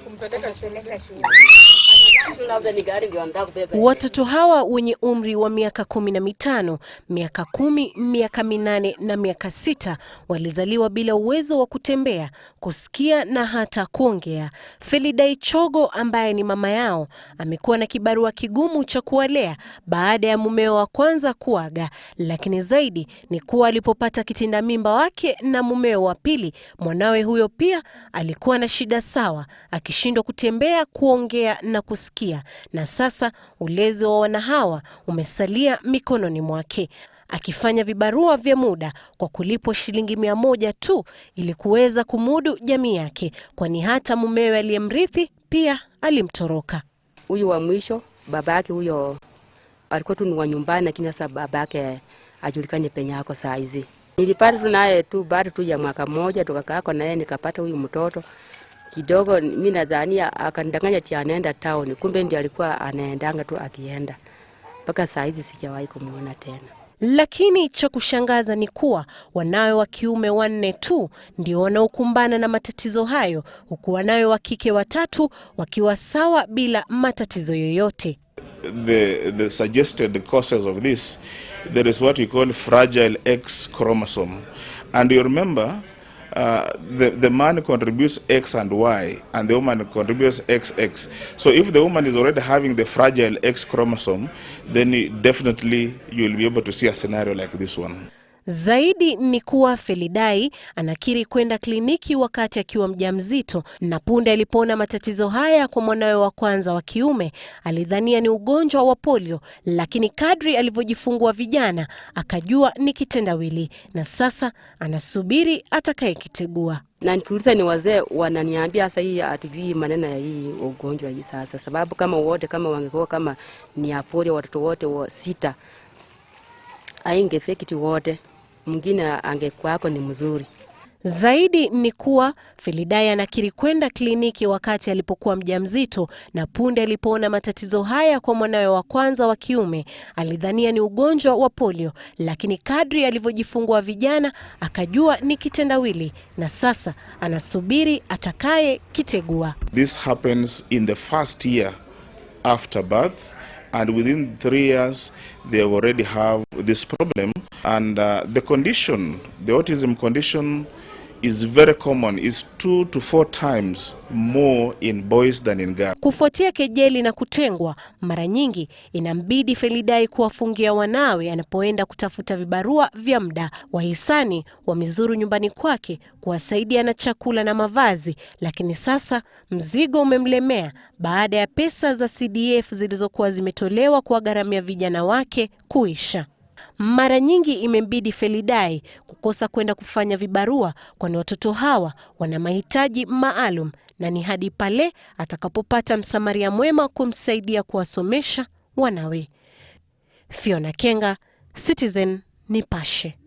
kumpeleka shule. Watoto hawa wenye umri wa miaka kumi na mitano, miaka kumi, miaka minane na miaka sita walizaliwa bila uwezo wa kutembea, kusikia na hata kuongea. Felidai Chogo ambaye ni mama yao amekuwa na kibarua kigumu cha kuwalea baada ya mumeo wa kwanza kuaga, lakini zaidi ni kuwa alipopata kitinda mimba wake na mumeo wa pili, mwanawe huyo pia alikuwa na shida sawa, akishindwa kutembea, kuongea na kusikia na sasa ulezi wa wana hawa umesalia mikononi mwake akifanya vibarua vya muda kwa kulipwa shilingi mia moja tu ili kuweza kumudu jamii yake, kwani hata mumewe aliyemrithi pia alimtoroka. Huyu wa mwisho baba yake huyo alikuwa tu ni wa nyumbani, lakini sasa baba yake ajulikani penye ako saa hizi. Nilipata tu naye tu bado tu ya mwaka mmoja tukakaako naye nikapata huyu mtoto kidogo, mi nadhani akandanganya ti anaenda town, kumbe ndio alikuwa anaendanga tu akienda. Mpaka saa hizi sijawahi kumwona tena. Lakini cha kushangaza ni kuwa wanawe wa kiume wanne tu ndio wanaokumbana na matatizo hayo, huku wanawe wa kike watatu wakiwa sawa bila matatizo yoyote. The, the suggested causes of this there is what we call fragile X chromosome and you remember uh, the, the man contributes X and Y, and the woman contributes XX. So if the woman is already having the fragile X chromosome, then definitely you'll be able to see a scenario like this one. Zaidi ni kuwa Felidai anakiri kwenda kliniki wakati akiwa mjamzito, na punde alipoona matatizo haya kwa mwanawe wa kwanza wa kiume alidhania ni ugonjwa wa polio, lakini kadri alivyojifungua vijana akajua ni kitendawili, na sasa anasubiri atakayekitegua na nituliza ni wazee wananiambia sasa, hii hatujui maneno ya hii ugonjwa hii sasa, sababu kama wote kama wangekuwa kama ni apolio watoto wote wa sita aingefekiti wote mwingine angekuwako ni mzuri zaidi ni kuwa Filidai anakiri kwenda kliniki wakati alipokuwa mjamzito, na punde alipoona matatizo haya kwa mwanawe wa kwanza wa kiume alidhania ni ugonjwa wa polio, lakini kadri alivyojifungua vijana akajua ni kitendawili, na sasa anasubiri atakaye kitegua. This happens in the first year after birth and within three years they already have this problem and uh, the condition, the autism condition is very common, is two to four times more in boys than in girls. Kufuatia kejeli na kutengwa, mara nyingi inambidi Felidai kuwafungia wanawe anapoenda kutafuta vibarua vya muda. Wahisani wamezuru nyumbani kwake kuwasaidia na chakula na mavazi, lakini sasa mzigo umemlemea baada ya pesa za CDF zilizokuwa zimetolewa kuwagharamia vijana wake kuisha. Mara nyingi imembidi Felidai kukosa kwenda kufanya vibarua, kwani watoto hawa wana mahitaji maalum na ni hadi pale atakapopata msamaria mwema kumsaidia kuwasomesha wanawe. Fiona Kenga, Citizen Nipashe.